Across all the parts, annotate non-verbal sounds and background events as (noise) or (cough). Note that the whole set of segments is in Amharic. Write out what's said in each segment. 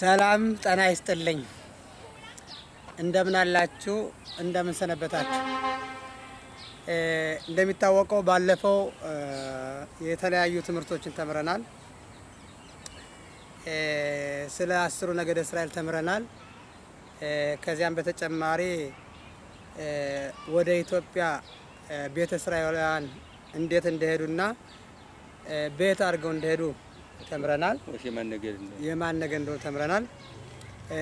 ሰላም ጠና ይስጥልኝ። እንደምን አላችሁ? እንደምን ሰነበታችሁ? እንደሚታወቀው ባለፈው የተለያዩ ትምህርቶችን ተምረናል። ስለ አስሩ ነገደ እስራኤል ተምረናል። ከዚያም በተጨማሪ ወደ ኢትዮጵያ ቤተ እስራኤላውያን እንዴት እንደሄዱና ቤት አድርገው እንደሄዱ ተምረናል። የማን ነገር እንደሆነ ተምረናል።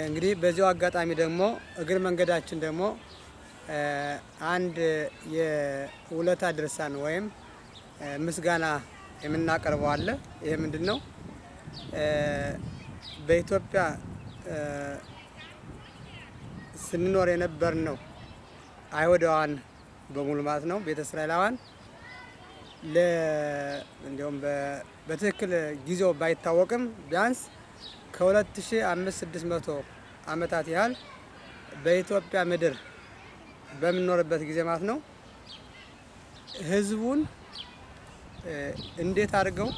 እንግዲህ በዚሁ አጋጣሚ ደግሞ እግር መንገዳችን ደግሞ አንድ የውለታ ድርሳን ወይም ምስጋና የምናቀርበው አለ። ይሄ ምንድን ነው? በኢትዮጵያ ስንኖር የነበር ነው አይሁዳውያን በሙሉ ማለት ነው ቤተ እስራኤላውያን እንዲሁም በትክክል ጊዜው ባይታወቅም ቢያንስ ከ2500 ዓመታት ያህል በኢትዮጵያ ምድር በምንኖርበት ጊዜ ማለት ነው ህዝቡን እንዴት አድርገው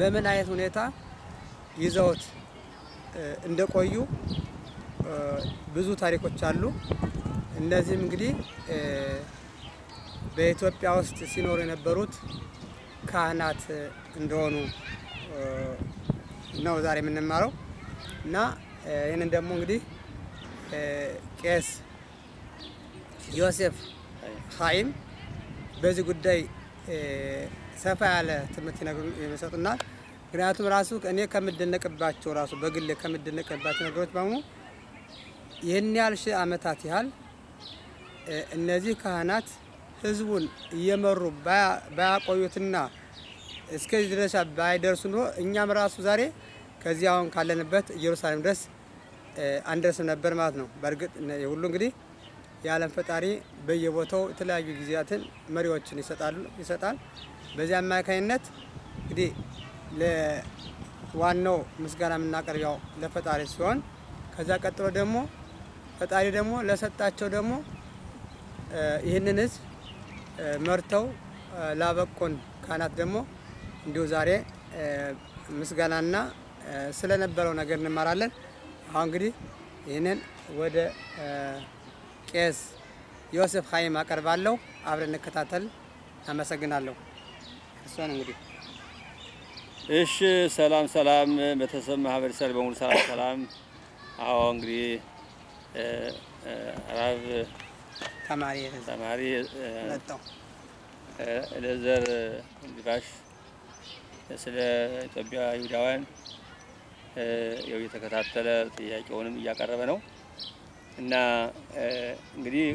በምን አይነት ሁኔታ ይዘውት እንደቆዩ ብዙ ታሪኮች አሉ። እነዚህም እንግዲህ በኢትዮጵያ ውስጥ ሲኖሩ የነበሩት ካህናት እንደሆኑ ነው ዛሬ የምንማረው እና ይህንን ደግሞ እንግዲህ ቄስ ዮሴፍ ሀይም በዚህ ጉዳይ ሰፋ ያለ ትምህርት ይሰጡናል። ምክንያቱም ራሱ እኔ ከምደነቅባቸው ራሱ በግል ከምደነቅባቸው ነገሮች በሙ ይህን ያህል ሺህ ዓመታት ያህል እነዚህ ካህናት ህዝቡን እየመሩ ባያቆዩትና እስከዚህ ድረሻ ባይደርሱ ኑሮ እኛም ራሱ ዛሬ ከዚህ አሁን ካለንበት ኢየሩሳሌም ድረስ አንደርስም ነበር ማለት ነው። በእርግጥ ሁሉ እንግዲህ የዓለም ፈጣሪ በየቦታው የተለያዩ ጊዜያትን መሪዎችን ይሰጣል። በዚህ አማካኝነት እንግዲህ ለዋናው ምስጋና የምናቀርቢያው ለፈጣሪ ሲሆን ከዛ ቀጥሎ ደግሞ ፈጣሪ ደግሞ ለሰጣቸው ደግሞ ይህንን ህዝብ መርተው ላበቆን ካህናት ደግሞ እንዲሁ ዛሬ ምስጋናና ስለነበረው ነገር እንማራለን። አሁን እንግዲህ ይህንን ወደ ቄስ ዮሴፍ ሀይም አቀርባለሁ። አብረን እንከታተል። አመሰግናለሁ። እሷን እንግዲህ እሺ። ሰላም ሰላም፣ ቤተሰብ ማህበረሰብ በሙሉ ሰላም ሰላም። አዎ እንግዲህ ራብ ተማሪ ተማሪ ለዘር ግባሽ ስለ ኢትዮጵያ ይሁዳውያን ያው እየተከታተለ ጥያቄውንም እያቀረበ ነው እና እንግዲህ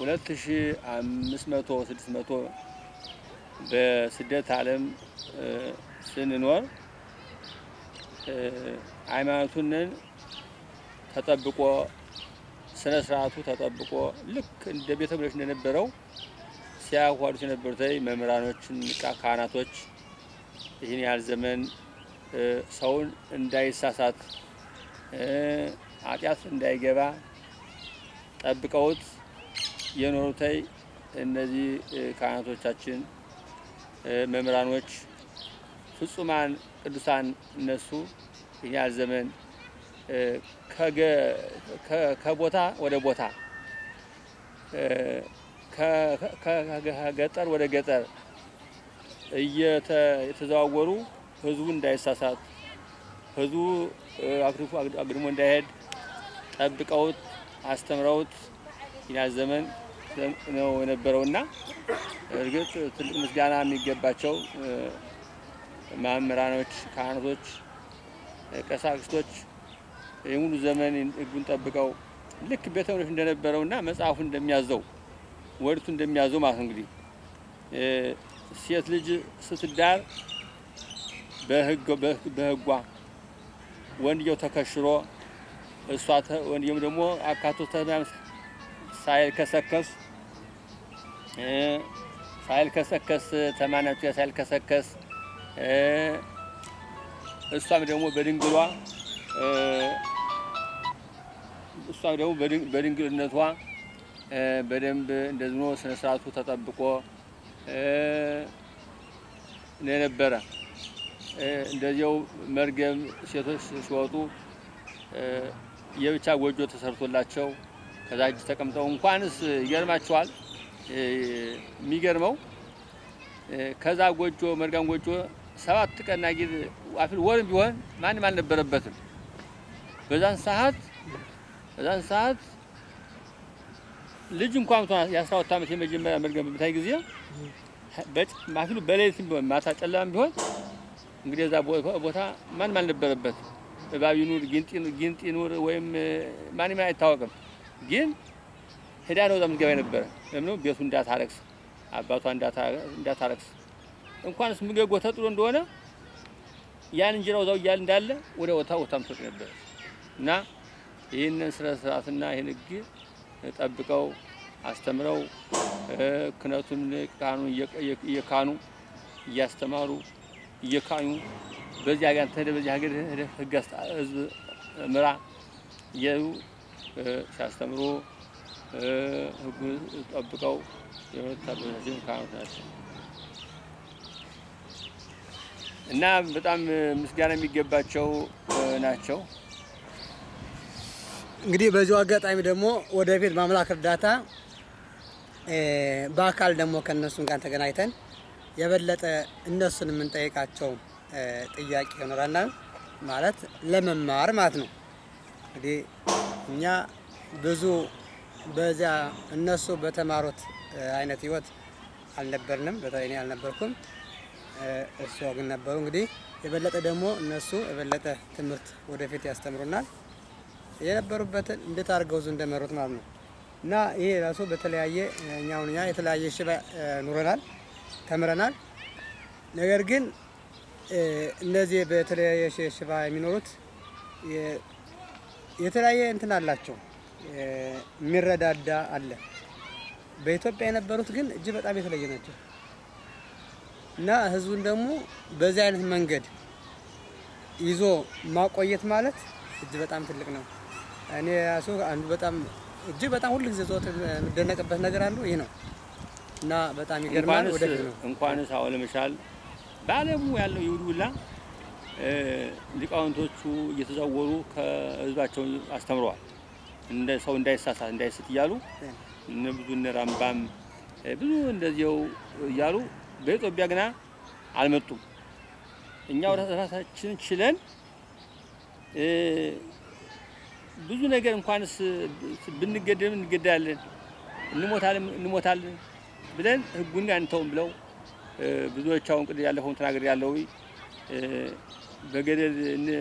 ሁለት ሺ አምስት መቶ ስድስት መቶ በስደት ዓለም ስንኖር ሃይማኖቱንን ተጠብቆ ስነ ስርዓቱ ተጠብቆ ልክ እንደ ቤተ እንደነበረው ሲያዋዱት የነበሩት መምህራኖችን ቃ ካህናቶች ይህን ያህል ዘመን ሰውን እንዳይሳሳት ኃጢአት እንዳይገባ ጠብቀውት የኖሩተይ እነዚህ ካህናቶቻችን መምህራኖች ፍጹማን ቅዱሳን እነሱ ይህን ያህል ዘመን ከቦታ ወደ ቦታ ከገጠር ወደ ገጠር እየተዘዋወሩ ህዝቡ እንዳይሳሳት ህዝቡ አግሪፉ አግድሞ እንዳይሄድ ጠብቀውት አስተምረውት ያ ዘመን ነው የነበረውና እርግጥ ትልቅ ምስጋና የሚገባቸው መምህራኖች፣ ካህናቶች፣ ቀሳቅስቶች የሙሉ ዘመን ህጉን ጠብቀው ልክ ቤተ እምነቱ እንደነበረውና መጽሐፉ እንደሚያዘው ወርቱ እንደሚያዘው ማለት ነው። እንግዲህ ሴት ልጅ ስትዳር በህጓ ወንድየው ተከሽሮ እሷ ወንድየውም ደግሞ አካቶ ሳይል ከሰከስ ሳይል ከሰከስ ተማናቱ ሳይል ከሰከስ እሷም ደግሞ በድንግሏ እሷ ደግሞ በድንግልነቷ በደንብ እንደዝኖ ስነ ስርዓቱ ተጠብቆ ነበረ። እንደዚያው መርገም ሴቶች ሲወጡ የብቻ ጎጆ ተሰርቶላቸው ከዛ እጅ ተቀምጠው እንኳንስ ይገርማቸዋል። የሚገርመው ከዛ ጎጆ መርገም ጎጆ ሰባት ቀን አጊድ አፊል ወርም ቢሆን ማንም አልነበረበትም። በዛን ሰዓት በዛን ሰዓት ልጅ እንኳን እንኳን የአስራ ሁለት ዓመት የመጀመሪያ መድገም ብታይ ጊዜ በማፊሉ በሌሊት ቢሆን ማታ ጨለማም ቢሆን እንግዲህ እዛ ቦታ ማንም አልነበረበት። እባብ ይኑር ጊንጥ ይኑር ወይም ማንም አይታወቅም። ግን ሄዳ ነው ምትገባ የነበረ ለምን ቤቱ እንዳታረክስ አባቷ እንዳታረክስ እንኳንስ ምግብ ተጥሎ እንደሆነ ያን እንጀራው እዛው እያለ እንዳለ ወደ ወታ ወታም ትወጥ ነበረ። እና ይህንን ስነ ስርዓትና ይህን ህግ ጠብቀው አስተምረው ክነቱን ቃኑ እየካኑ እያስተማሩ እየካኙ በዚህ ሀገር ተሄደ በዚህ ሀገር ህግ ህዝብ ምራ እያዩ ሲያስተምሮ ህጉ ጠብቀው የሁለት አባቶቻችን ካህናት ናቸው እና በጣም ምስጋና የሚገባቸው ናቸው። እንግዲህ በዚሁ አጋጣሚ ደግሞ ወደፊት በአምላክ እርዳታ በአካል ደግሞ ከእነሱም ጋር ተገናኝተን የበለጠ እነሱን የምንጠይቃቸው ጥያቄ ይኖረናል። ማለት ለመማር ማለት ነው። እንግዲህ እኛ ብዙ በዚያ እነሱ በተማሩት አይነት ህይወት አልነበርንም። በተለይ እኔ አልነበርኩም፣ እሱ ግን ነበሩ። እንግዲህ የበለጠ ደግሞ እነሱ የበለጠ ትምህርት ወደፊት ያስተምሩናል። የነበሩበትን እንዴት አድርገው ዙ እንደመሩት ማለት ነው። እና ይሄ ራሱ በተለያየ እኛውን እኛ የተለያየ ሽባ ኑረናል፣ ተምረናል። ነገር ግን እነዚህ በተለያየ ሽባ የሚኖሩት የተለያየ እንትን አላቸው። የሚረዳዳ አለ። በኢትዮጵያ የነበሩት ግን እጅግ በጣም የተለየ ናቸው እና ህዝቡን ደግሞ በዚህ አይነት መንገድ ይዞ ማቆየት ማለት እጅግ በጣም ትልቅ ነው። እኔ ያሱ አንዱ በጣም እጅግ በጣም ሁሉ ጊዜ ዘወትር የምደነቅበት ነገር አንዱ ይህ ነው እና በጣም ይገርማል። ወደፊት ነው እንኳንስ አሁን ለመሻል በዓለሙ ያለው ይሁድ ሁላ ሊቃውንቶቹ እየተዘወሩ ከህዝባቸው አስተምረዋል። እንደ ሰው እንዳይሳሳት እንዳይስት እያሉ እነ ብዙ እነ ራምባም ብዙ እንደዚው እያሉ በኢትዮጵያ ግና አልመጡም። እኛ ራሳችን ችለን ብዙ ነገር እንኳንስ ብንገደም እንገዳለን፣ እንሞታለን እንሞታለን ብለን ህጉን አንተውም ብለው ብዙዎች አሁን ቅድ ያለፈውን ተናገር ያለው በገደል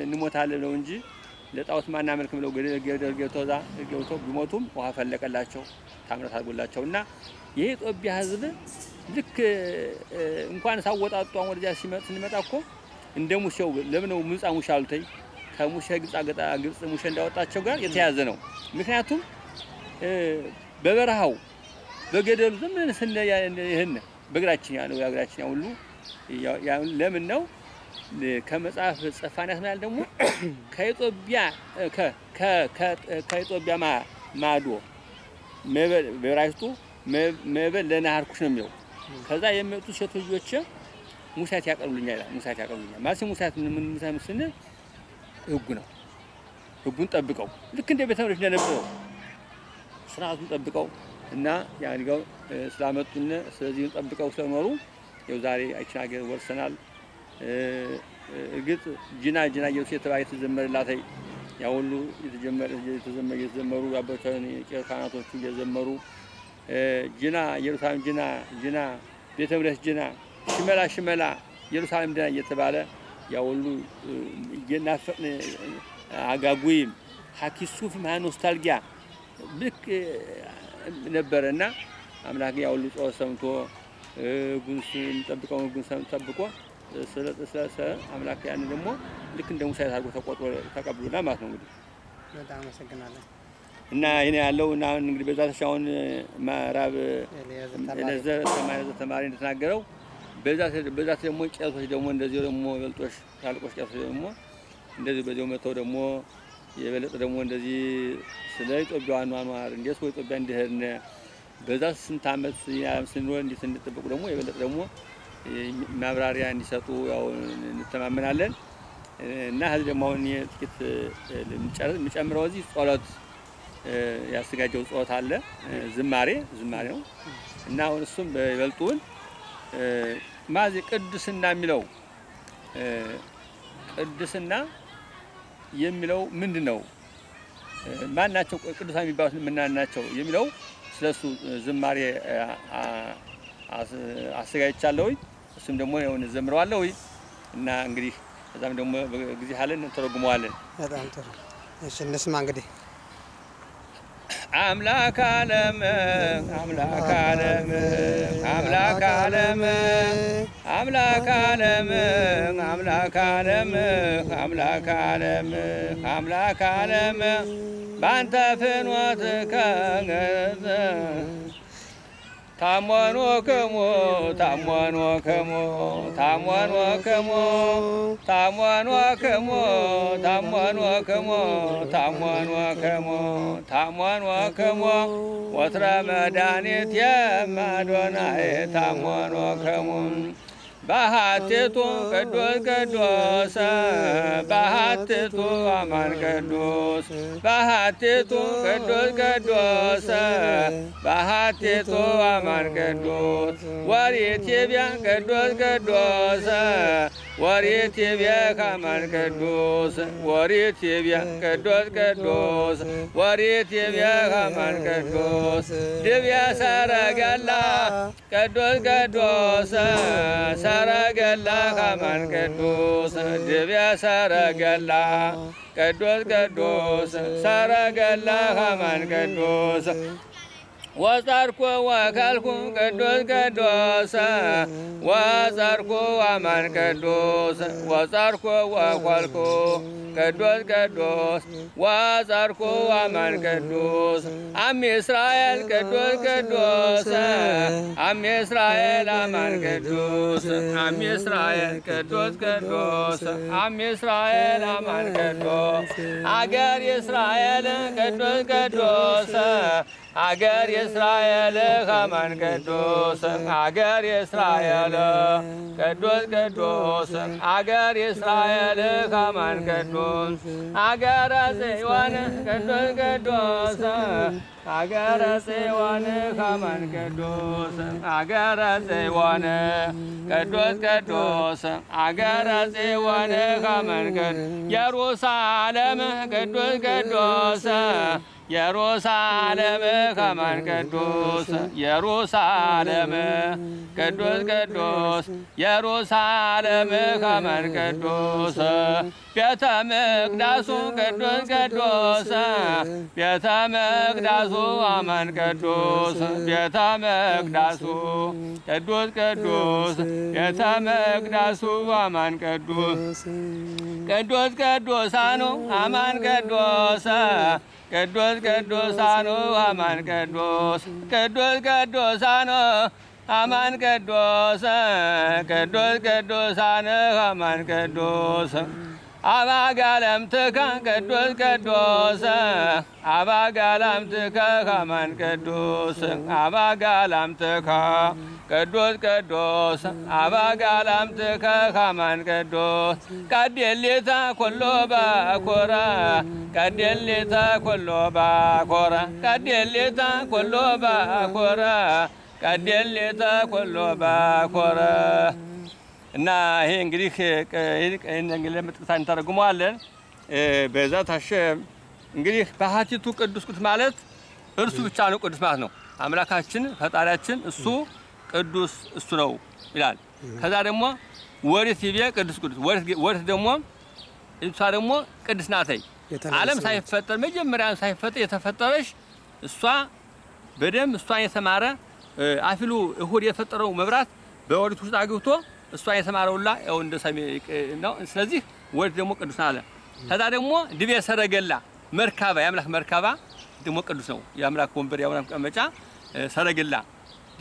እንሞታለን ነው እንጂ ለጣዖት ማናመልክ ብለው ገደል ገደል ገብቶዛ ገብተው ቢሞቱም ውሃ ፈለቀላቸው ታምራት አድርጎላቸው እና የኢትዮጵያ ህዝብ ልክ እንኳን ሳወጣጧን ወደዚያ ስንመጣ እኮ እንደ ሙሴው ለምን ነው ምጻ ሙሻ አሉተኝ ከሙሸ ከሙሴ ግብጽ ሙሸ እንዳወጣቸው ጋር የተያዘ ነው። ምክንያቱም በበረሃው በገደሉ ዘምን ስነ ይሄን በእግራችን ያለው ያግራችን ሁሉ ያው ለምን ነው ከመጽሐፍ ጸፋንያስ ደግሞ (clears throat) ከኢትዮጵያ ከ ከ ከኢትዮጵያ ማ ማዶ በራይቱ መበል ለናህር ኩሽ ነው የሚለው። ከዛ የሚመጡ ሴትዮች ሙሳት ያቀርቡልኛል ሙሳት ያቀርቡልኛል ማለት ሙሳት ምን ሙሳት ስንል ህጉ ነው። ህጉን ጠብቀው ልክ እንደ ቤተ እምነት እንደነበረው ስርዓቱን ጠብቀው እና ያንገው ስላመጡን ስለዚህ ጠብቀው ስለኖሩ ያው ዛሬ አይችን ሀገር ወርሰናል። እርግጥ ጅና ጅና ኢየሱስ የተባለ የተዘመረላት ያው ሁሉ የተጀመረ የተዘመረ የተዘመሩ አባቶቻችን የቄስ ካህናቶቹ እየዘመሩ ጅና ኢየሩሳሌም ጅና ጅና ቤተ እምነት ጅና ሽመላ ሽመላ ኢየሩሳሌም ጅና እየተባለ ያ ሁሉ እየናፈቅን አጋጉይም ሀኪሱፍም ማ ኖስታልጊያ ልክ ነበረ እና አምላክ ያ ሁሉ ጾ ሰምቶ ጉንሱ የሚጠብቀውን ጉን ጠብቆ ስለጥሰሰ አምላክ ያን ደግሞ ልክ እንደ ሙሳ አድርጎ ተቆጥሮ ተቀብሎና ማለት ነው። እንግዲህ በጣም አመሰግናለሁ። እና ይሄ ያለው እና እንግዲህ በዛ ተሻውን ምዕራብ ለዘ ተማሪ እንደተናገረው በዛ ደግሞ ቄሶች ደግሞ እንደዚህ ደግሞ በልጦች ታልቆች ቄሶች ደግሞ እንደዚህ በዚያው መጥተው ደግሞ የበለጠ ደግሞ እንደዚህ ስለ ኢትዮጵያ አኗኗር እንዴት ወይ ኢትዮጵያ እንደሄድን በዛ ስንት ዓመት ስንሆን እንዴት እንጠበቁ ደግሞ የበለጠ ደግሞ ማብራሪያ እንዲሰጡ ያው እንተማመናለን እና ህዝብ ደግሞ አሁን ጥቂት የሚጨምረው እዚህ ጸሎት ያዘጋጀው ጸሎት አለ ዝማሬ ዝማሬ ነው እና አሁን እሱም ይበልጡን ማዚ ቅዱስና የሚለው ቅዱስና የሚለው ምንድን ነው? ማን ናቸው ቅዱሳን የሚባሉት? ምናን ናቸው የሚለው ስለሱ ዝማሬ አዘጋጅቻለሁ። እሱም ደግሞ የሆነ ዘምረዋለሁ እና እንግዲህ በዛም ደግሞ ጊዜ አለን ተረጉመዋለን። በጣም ጥሩ እሺ፣ እንስማ እንግዲህ አምላክ ዓለም አምላክ ዓለም አምላክ ዓለም አምላክ ዓለም አምላክ ዓለም አምላክ ዓለም አምላክ ዓለም ባንተ ፍኖት ከገዘ ታሟኖ ከሞ ታሟኖ ከሞ ታሟኖ ከሞ ታሟኖ ከሞ ታሟኖ ከሞ ታሟኖ ከሞ ታሟኖ ከሞ ወትረ መድኃኒት የማዶናዬ ታሟኖ ከሞ በሀቴቱ ቅዱስ ቅዱስ በሀቴቱ አማን ቅዱስ በሀቴቱ ቅዱስ ቅዱስ በሀቴቱ አማን ቅዱስ ወሪት የቢያ ቅዱስ ቅዱስ ወሪት ይቤ ካማን ቅዱስ ወሪት ይቤ ቅዱስ ቅዱስ ወሪት ይቤ ካማን ቅዱስ ድቤ ሰረገላ ቅዱስ ቅዱስ ሰረገላ ካማን ቅዱስ ድቤ ሰረገላ ቅዱስ ቅዱስ ሰረገላ ካማን ቅዱስ ወጻድኮ ወአካልኩ ቅዱስ ቅዱስ ወጻድኮ ወአማን ቅዱስ ወጻድኮ ወአኳልኩ ቅዱስ ቅዱስ ወጻድኮ ወአማን ቅዱስ አሚ እስራኤል ቅዱስ ቅዱስ አሚ እስራኤል አማን ቅዱስ አሚ እስራኤል ቅዱስ ቅዱስ አሚ እስራኤል አማን ቅዱስ አገር እስራኤል ቅዱስ ቅዱስ አገር የእስራኤል ከመን ቅዱስ አገር የእስራኤል ቅዱስ ቅዱስ አገር የእስራኤል ከመን ቅዱስ አገረ ጽዮን ቅዱስ ቅዱስ አገረ ጽዮን ከመን ቅዱስ አገረ ጽዮን ቅዱስ ቅዱስ አገረ ጽዮን ከመን ቅዱስ ኢየሩሳሌም ቅዱስ ቅዱስ ቅዱስ ኢየሩሳሌም ከማን ቅዱስ ኢየሩሳሌም ቅዱስ ቅዱስ ኢየሩሳሌም ከማን ቅዱስ ቤተ መቅዳሱ ቅዱስ ቅዱስ ቤተ መቅዳሱ አማን ቅዱስ ቤተ መቅዳሱ ቅዱስ ቅዱስ ቤተ መቅዳሱ አማን ቅዱስ ቅዱስ ቅዱሳኑ አማን ቅዱስ ቅዱስ ቅዱሳኑ አማን ቅዱስ ቅዱስ ቅዱሳኑ አማን ቅዱስ ቅዱስ ቅዱሳን አማን ቅዱስ አባጋለም ትከን ቅዱስ ቅዱስ አባጋለም ትከ ከመን ቅዱስ አባጋለም ትከ ቅዱስ ቅዱስ አባጋለም ትከ ከመን ቅዱስ ቀዴሌታ ኮሎ ባኮረ ቀዴሌታ ኮሎ ባኮረ ቀዴሌታ ኮሎ ባኮረ ቀዴሌታ ኮሎ ባኮረ እና ይሄ እንግዲህ ለምጥቅሳን እንተረጉመዋለን። በዛ ታሸ እንግዲህ በሀቲቱ ቅዱስ ቅዱስ ማለት እርሱ ብቻ ነው ቅዱስ ማለት ነው። አምላካችን ፈጣሪያችን እሱ ቅዱስ እሱ ነው ይላል። ከዛ ደግሞ ወሪት ይቤ ቅዱስ ቅዱስ ወሪት ደግሞ እሷ ደግሞ ቅድስት ናተይ ዓለም ሳይፈጠር መጀመሪያ ሳይፈጠር የተፈጠረች እሷ በደም እሷን የተማረ አፊሉ እሁድ የፈጠረው መብራት በወሪት ውስጥ አግብቶ እሷ የተማረውላ ያው እንደ ሰሜ ነው። ስለዚህ ወድ ደግሞ ቅዱስ አለ። ከዛ ደግሞ ድቤ ሰረገላ መርካባ፣ የአምላክ መርካባ ደግሞ ቅዱስ ነው። የአምላክ ወንበር፣ የአምላክ መቀመጫ ሰረገላ፣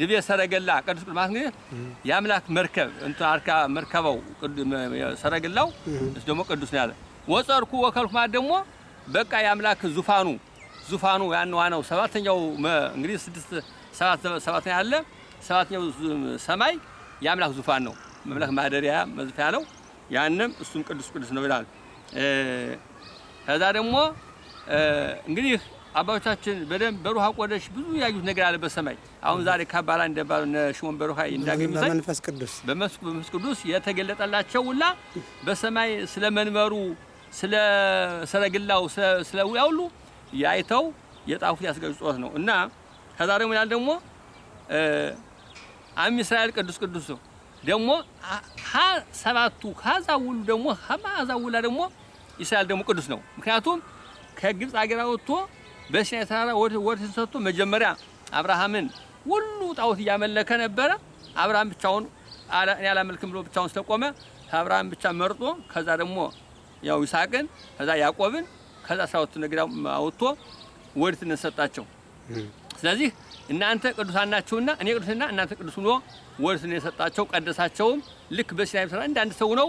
ድቤ ሰረገላ ቅዱስ ማለት እንግዲህ የአምላክ መርከብ እንትን አርካ መርከባው ሰረገላው እሱ ደግሞ ቅዱስ ነው ያለ ወጸርኩ ወከልኩ ማለት ደግሞ በቃ የአምላክ ዙፋኑ ዙፋኑ ያን ዋናው ሰባተኛው እንግዲህ ስድስት ሰባት ሰባተኛ አለ ሰባተኛው ሰማይ የአምላክ ዙፋን ነው። መብለክ ማደሪያ መዝፊያ ነው። ያንም እሱም ቅዱስ ቅዱስ ነው ይላል። ከዛ ደግሞ እንግዲህ አባቶቻችን በደንብ በሩሃ ቆደሽ ብዙ ያዩት ነገር አለ በሰማይ አሁን ዛሬ ካባላ እንደባሉ ሽሞን በሩሃ እንዳገኙት በመንፈስ ቅዱስ በመንፈስ ቅዱስ የተገለጠላቸው ሁላ በሰማይ ስለ መንበሩ፣ ስለ ሰረግላው፣ ስለ ያውሉ ያይተው የጣፉት ያስገዙ ጾት ነው እና ከዛ ደግሞ ያል ደግሞ አም እስራኤል ቅዱስ ቅዱስ ነው ደግሞ ሰባቱ ካዛውሉ ደግሞ ከማዛውላ ደግሞ ይስራኤል ደግሞ ቅዱስ ነው። ምክንያቱም ከግብፅ አገር ወጥቶ በሲናይ ተራራ ወርስ ሰጥቶ መጀመሪያ አብርሃምን ሁሉ ጣዖት እያመለከ ነበረ። አብርሃም ብቻውን እኔ አላመልክም ብሎ ብቻውን ስለቆመ ከአብርሃም ብቻ መርጦ ከዛ ደግሞ ያው ይስሐቅን ከዛ ያዕቆብን ከዛ አስራሁት ነገዳ አውጥቶ ወሪትነት ሰጣቸው። ስለዚህ እናንተ ቅዱሳን ናችሁና እኔ ቅዱስና እናንተ ቅዱስ ሁኖ ወርስ ነው የሰጣቸው። ቀደሳቸውም ልክ በሲናይ ተራራ እንደ አንድ ሰው ነው።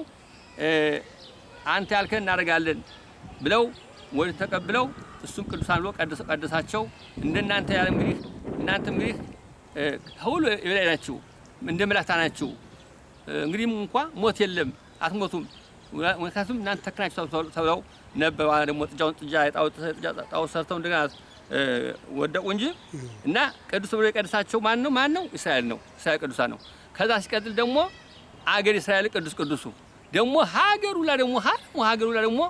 አንተ ያልከን እናደርጋለን ብለው ወደ ተቀብለው እሱም ቅዱሳን ብሎ ቀደሳቸው። እንደናንተ ያለ እንግዲህ እናንተ እንግዲህ ሁሉ የበላይ ናችሁ፣ እንደ መላእክት ናችሁ። እንግዲህ እንኳ ሞት የለም አትሞቱም፣ ምክንያቱም እናንተ ተክናችሁ ተብለው ነበር። ደግሞ ጥጃውን ጥጃ ጣው ሰርተው እንደገና ወደቁ እንጂ እና ቅዱስ ብሎ የቀድሳቸው ማን ነው? ማን ነው? እስራኤል ነው። እስራኤል ቅዱሳ ነው። ከዛ ሲቀጥል ደግሞ አገር እስራኤል ቅዱስ ቅዱሱ ደግሞ ሀገሩ ላይ ደግሞ ሀሙ ሀገሩ ላይ ደግሞ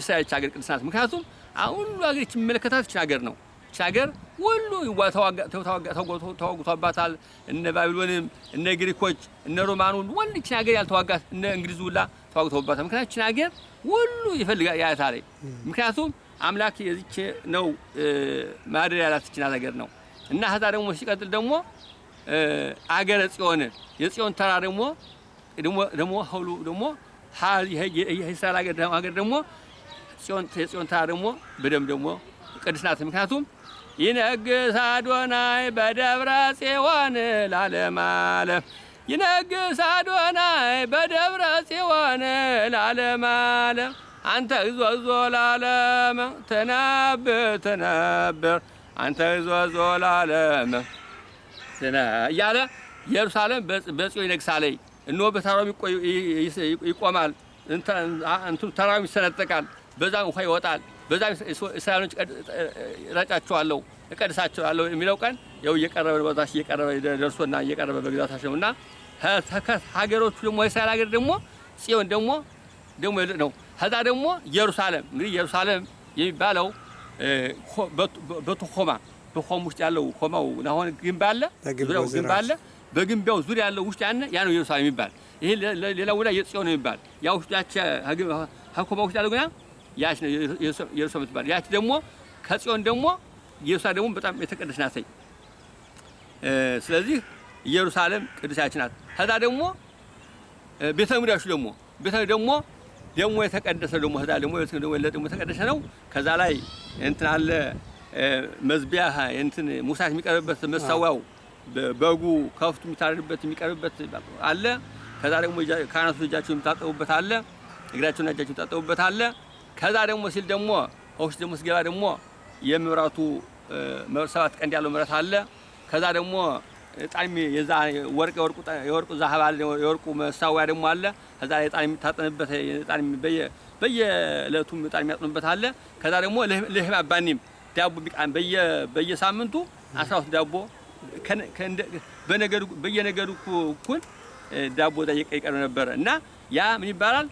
እስራኤል ሀገር ቅዱስ ናት። ምክንያቱም አሁን ሁሉ ሀገር የሚመለከታት ይህች ሀገር ነው። ይህች ሀገር ሁሉ ተዋጉቷባታል። እነ ባቢሎንም፣ እነ ግሪኮች፣ እነ ሮማኑ ወንድ ይህችን ሀገር ያልተዋጋት እነ እንግሊዝ ሁላ ተዋጉተውባታል። ምክንያቱም ይህችን ሀገር ሁሉ ይፈልጋ ያታለ ምክንያቱም አምላክ የዚች ነው ማደር ያላት ነገር ነው እና ከዛ ደግሞ ሲቀጥል ደግሞ አገረ ጽዮን የጽዮን ተራ ደግሞ ደግሞ ሁሉ ደግሞ የእስራኤል ሀገር ደግሞ የጽዮን ተራ ደግሞ በደም ደግሞ ቅድስት ናት። ምክንያቱም ይነግስ አዶናይ በደብረ ጽዮን ላለም አለፍ ይነግስ አዶናይ በደብረ ጽዮን ላለም አለፍ አንተ እዞ ዘላለም ተናብር ተናብር አንተ እዞ ዘላለም እያለ ኢየሩሳሌም በጽዮ ይነግሳለይ። እንሆ በተራራው ይቆማል፣ ተራራው ይሰነጠቃል፣ በዛም ውሃ ይወጣል፣ በዛም እስራኤሎች እረጫቸዋለሁ፣ እቀድሳቸዋለሁ የሚለው ቀን ያው እየቀረበ በዛሽ እየቀረበ ደርሶና እየቀረበ በግዛታቸው እና ሀገሮቹ ደግሞ የእስራኤል ሀገር ደግሞ ጽዮን ደግሞ ደግሞ ነው ከዛ ደግሞ ኢየሩሳሌም እንግዲህ ኢየሩሳሌም የሚባለው በቱኮማ በኮም ውስጥ ያለው ኮማው አሁን ግንብ አለ፣ ዙሪያው ግንብ አለ። በግንቢያው ዙሪያ ያለው ውስጥ ያነ ያ ነው ኢየሩሳሌም የሚባል ይሄ ሌላው ወዳ የጽዮን የሚባል ያ ውስጥ ያቺ ከኮማ ውስጥ ያለው ገና ያች ነው ኢየሩሳሌም ትባል። ያች ደግሞ ከጽዮን ደግሞ ኢየሩሳሌም ደግሞ በጣም የተቀደሰች ናት። ስለዚህ ኢየሩሳሌም ቅዱሳችን ናት። ከዛ ደግሞ ቤተ መቅደሱ ደግሞ ቤተ ደግሞ ደግሞ የተቀደሰ ደግሞ ህዳ ደግሞ ደግሞ የተቀደሰ ነው። ከዛ ላይ እንትን አለ መዝቢያ እንትን ሙሳት የሚቀርብበት መሰዋው በጉ ከፍቱ የሚታረድበት የሚቀርብበት አለ። ከዛ ደግሞ ካህናቱ እጃቸው የሚታጠቡበት አለ። እግራቸውና እጃቸው የሚታጠቡበት አለ። ከዛ ደግሞ ሲል ደግሞ ሆሽ ደግሞ ሲገባ ደግሞ የመብራቱ ሰባት ቀንድ ያለው መብራት አለ። ከዛ ደግሞ እጣን የዛ ወርቅ የወርቁ የወርቁ ዛህብ አለ የወርቁ መሳወያ ደግሞ አለ። ከዛ እጣን የሚታጠንበት እጣን በየ በየእለቱም እጣን የሚያጥኑበት አለ። ከዛ ደግሞ ለህብ አባኒም ዳቦ ቢቃን በየ በየሳምንቱ 13 ዳቦ በነገዱ በየነገዱ ኩን ዳቦ ጠየቀ ይቀርብ ነበረ እና ያ ምን ይባላል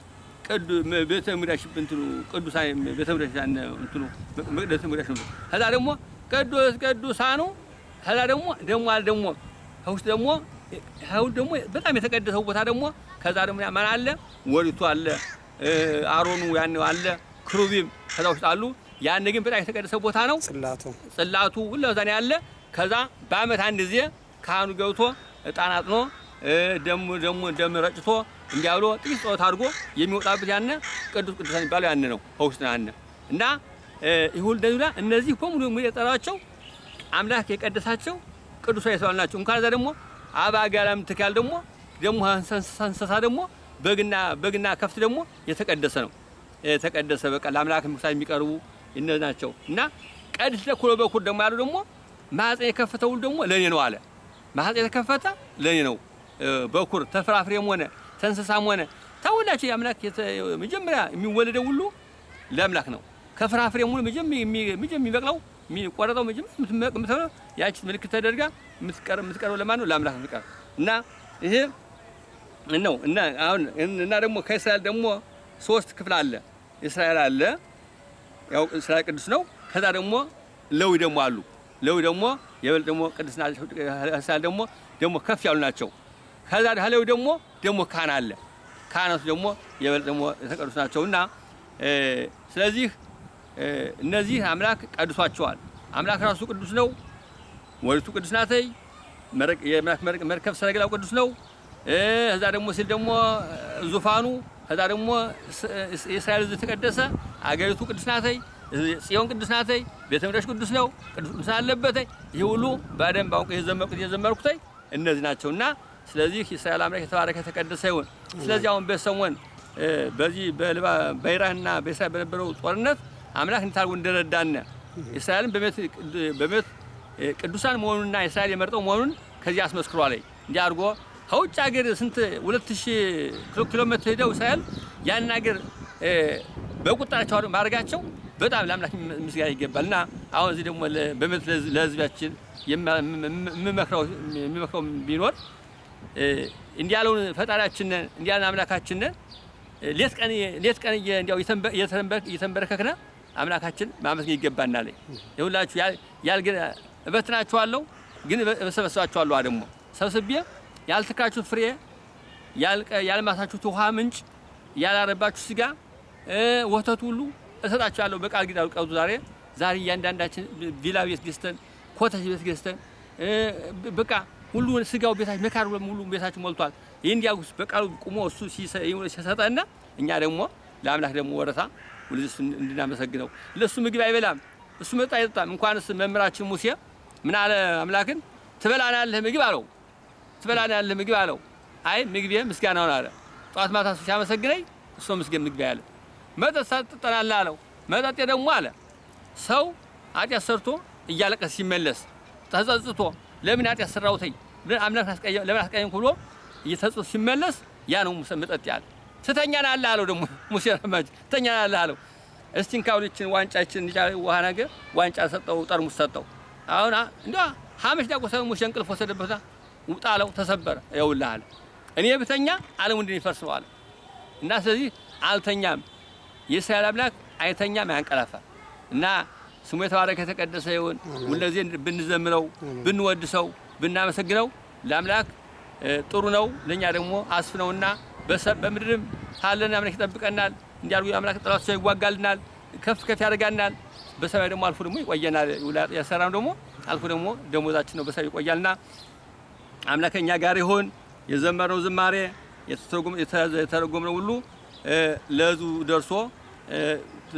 ቅዱ ቤተ ሙዳሽ እንትኑ ቅዱሳን ቤተ ሙዳሽ እንትኑ መቅደስ ሙዳሽ ነው። ከዛ ደግሞ ቅዱስ ቅዱሳኑ ከዛ ደግሞ ደግሞ አለ ደግሞ ከውስጥ ደግሞ ከውስጥ ደግሞ በጣም የተቀደሰው ቦታ ደግሞ ከዛ ደግሞ ማን አለ ወሪቱ አለ አሮኑ ያን አለ ክሩቢም ከዛ ውስጥ አሉ። ያን ግን በጣም የተቀደሰው ቦታ ነው። ጽላቱ ጽላቱ ሁሉ ዛኔ ያለ ከዛ በአመት አንድ ጊዜ ካህኑ ገብቶ እጣን አጥኖ ደሙ ደም ደም ረጭቶ እንዲያብሎ ጥቂት ጸሎት አድርጎ የሚወጣበት ያነ ቅዱስ ቅዱሳን የሚባለው ያነ ነው። ከውስጥ ያነ እና ይሁል እንደዚህ እነዚህ በሙሉ የጠራቸው አምላክ የቀደሳቸው ቅዱሳ የሰዋል ናቸው። እንኳን እዛ ደግሞ አባ ጋላም ትካል ደግሞ ደግሞ እንስሳ ደግሞ በግና በግና ከፍት ደግሞ የተቀደሰ ነው። የተቀደሰ በቃ ለአምላክ ምክሳት የሚቀርቡ እነዚህ ናቸው እና ቀድስ ለኩሎ በኩል ደግሞ ያሉ ደግሞ ማህፀን የከፈተ ሁሉ ደግሞ ለእኔ ነው አለ። ማህፀን የተከፈተ ለእኔ ነው። በኩር ተፍራፍሬም ሆነ ተንስሳም ሆነ ታወላቸው የአምላክ መጀመሪያ የሚወለደው ሁሉ ለአምላክ ነው። ከፍራፍሬም ሁሉ መጀመሪያ የሚበቅለው የሚቆረጠው መጀመሪያ ያቺ ምልክት ተደርጋ ምትቀር የምትቀርበው ለማን ነው? ለአምላክ የምትቀርብ እና ይሄ ነው እና አሁን እና ደግሞ ከእስራኤል ደግሞ ሶስት ክፍል አለ። እስራኤል አለ፣ ያው እስራኤል ቅዱስ ነው። ከዛ ደግሞ ሌዊ ደግሞ አሉ። ሌዊ ደግሞ የበለጠ ደግሞ ናቸው። እስራኤል ደግሞ ደግሞ ከፍ ያሉ ናቸው። ከዛ ሌዊ ደግሞ ደግሞ ካህን አለ። ካህናቱ ደግሞ የበለጠ ደግሞ ተቀደሱ ናቸውና ስለዚህ እነዚህ አምላክ ቀድሷቸዋል። አምላክ ራሱ ቅዱስ ነው። ወሪቱ ቅዱስ ናተይ መርከብ ሰረገላው ቅዱስ ነው። ከዛ ደግሞ ሲል ደግሞ ዙፋኑ ከዛ ደግሞ የእስራኤል ሕዝብ ተቀደሰ። አገሪቱ ቅዱስ ናተይ፣ ጽዮን ቅዱስ ናተይ፣ ቤተ መቅደስ ቅዱስ ነው። ቅዱስ ቅዱስ አለበተይ። ይህ ሁሉ በደንብ ባውቅ የዘመርኩት የዘመርኩተይ እነዚህ ናቸውና ስለዚህ የእስራኤል አምላክ የተባረከ የተቀደሰ ይሁን። ስለዚህ አሁን በሰሞን በዚህ በኢራንና በእስራኤል በነበረው ጦርነት አምላክ እንታልጉ እንደረዳነ እስራኤልን በእምነት ቅዱሳን መሆኑንና እስራኤል የመርጠው መሆኑን ከዚህ አስመስክሯል። እንዲህ አድርጎ ከውጭ ሀገር ስንት 2000 ኪሎ ሜትር ሄደው እስራኤል ያን ሀገር በቁጣቸው ማድረጋቸው በጣም ለአምላክ ምስጋና ይገባል። እና አሁን እዚህ ደግሞ በመት ለህዝባችን የሚመክረው ቢኖር እንዲህ ያለውን ፈጣሪያችን እንዲህ ያለን አምላካችን ሌት ቀን እየተንበረከክነ አምላካችን ማመስገን ይገባናል። ይሁላችሁ ያልገ እበትናችኋለሁ ግን እሰበስባችኋለሁ። ደግሞ ሰብስቤ ያልተካችሁት ፍሬ ያልማሳችሁት ውሃ ምንጭ ያላረባችሁ ስጋ ወተት ሁሉ እሰጣችኋለሁ በቃል ኪዳን ቀብዙ። ዛሬ ዛሬ እያንዳንዳችን ቪላ ቤት ገዝተን ኮተት ቤት ገዝተን በቃ ሁሉ ስጋው ቤታችን መካር ሁሉ ቤታችን ሞልቷል። ይህን ያጉስ በቃሉ ቁሞ እሱ ሲሰጠና እኛ ደግሞ ለአምላክ ደግሞ ወረታ ወደዚህ እንድናመሰግነው። ለእሱ ምግብ አይበላም፣ እሱ መጠጥ አይጠጣም። እንኳንስ መምህራችን ሙሴ ምን አለ አምላክን ትበላናለህ ምግብ አለው፣ ትበላናለህ ምግብ አለው። አይ ምግብ ምስጋናውን አለ። ጠዋት ማታ ሲያመሰግነኝ እሱ ምስገን ምግብ ያለ መጠጥ ሳትጠናለህ አለው። መጠጤ ደግሞ አለ ሰው ኃጢአት ሰርቶ እያለቀስ ሲመለስ ተጸጽቶ ለምን ኃጢአት ሰራሁትኝ አምላክ ለምን አስቀየምኩ ብሎ እየተጸጸተ ሲመለስ ያ ነው መጠጥ ያለ ስተኛን አለ አለው። ደግሞ ሙሴ ረመጅ ስተኛን አለ አለው። እስቲ እንካውልችን ዋንጫችን እንጫ ውሃ ነገር ዋንጫ ሰጠው፣ ጠርሙስ ሰጠው። አሁን እንዲ ሀመሽ ዳቆሰ ሙሴ እንቅልፍ ወሰደበታ ውጣለው ተሰበረ። ያውልህ እኔ ብተኛ ዓለሙ እንደሚፈርስ ነው እና ስለዚህ አልተኛም። የእስራኤል አምላክ አይተኛም፣ ያንቀላፋ እና ስሙ የተባረከ የተቀደሰ ይሁን። ብንዘምረው፣ ብንወድሰው፣ ብናመሰግነው ለአምላክ ጥሩ ነው። ለእኛ ደግሞ በምድርም ታለን አምላክ ይጠብቀናል። እንዲያርጉ አምላክ ጠላት ሰው ይዋጋልናል፣ ከፍ ከፍ ያደርጋናል። በሰማይ ደግሞ አልፎ ደግሞ ይቆየናል። ያሰራም ደግሞ አልፎ ደግሞ ደሞዛችን ነው፣ በሰማይ ይቆያልና አምላከኛ ጋር ይሆን። የዘመረው ዝማሬ የተረጎምነው ሁሉ ለዙ ደርሶ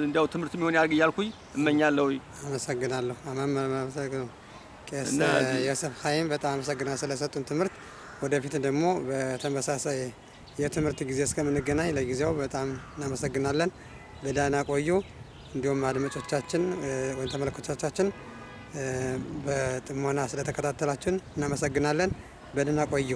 እንዲያው ትምህርት የሚሆን ያርግ እያልኩኝ እመኛለሁ። አመሰግናለሁ። አመሰግናለሁ ቄስ ዮሴፍ ሀይም በጣም አመሰግናለሁ ስለሰጡን ትምህርት። ወደፊት ደግሞ በተመሳሳይ የትምህርት ጊዜ እስከምንገናኝ ለጊዜው በጣም እናመሰግናለን። በደህና ቆዩ። እንዲሁም አድማጮቻችን ወይም ተመልካቾቻችን በጥሞና ስለተከታተላችን እናመሰግናለን። በደህና ቆዩ።